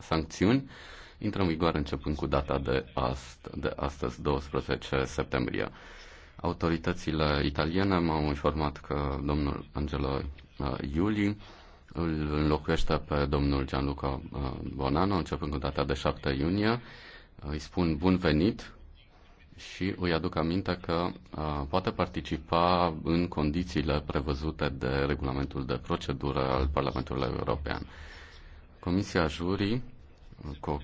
sancțiuni intră în vigoare începând cu data de, ast- de astăzi, 12 septembrie. Autoritățile italiene m-au informat că domnul Angelo uh, Iuli îl înlocuiește pe domnul Gianluca uh, Bonano începând cu data de 7 iunie. Îi spun bun venit și îi aduc aminte că uh, poate participa în condițiile prevăzute de regulamentul de procedură al Parlamentului European. Comisia Jurii, cu,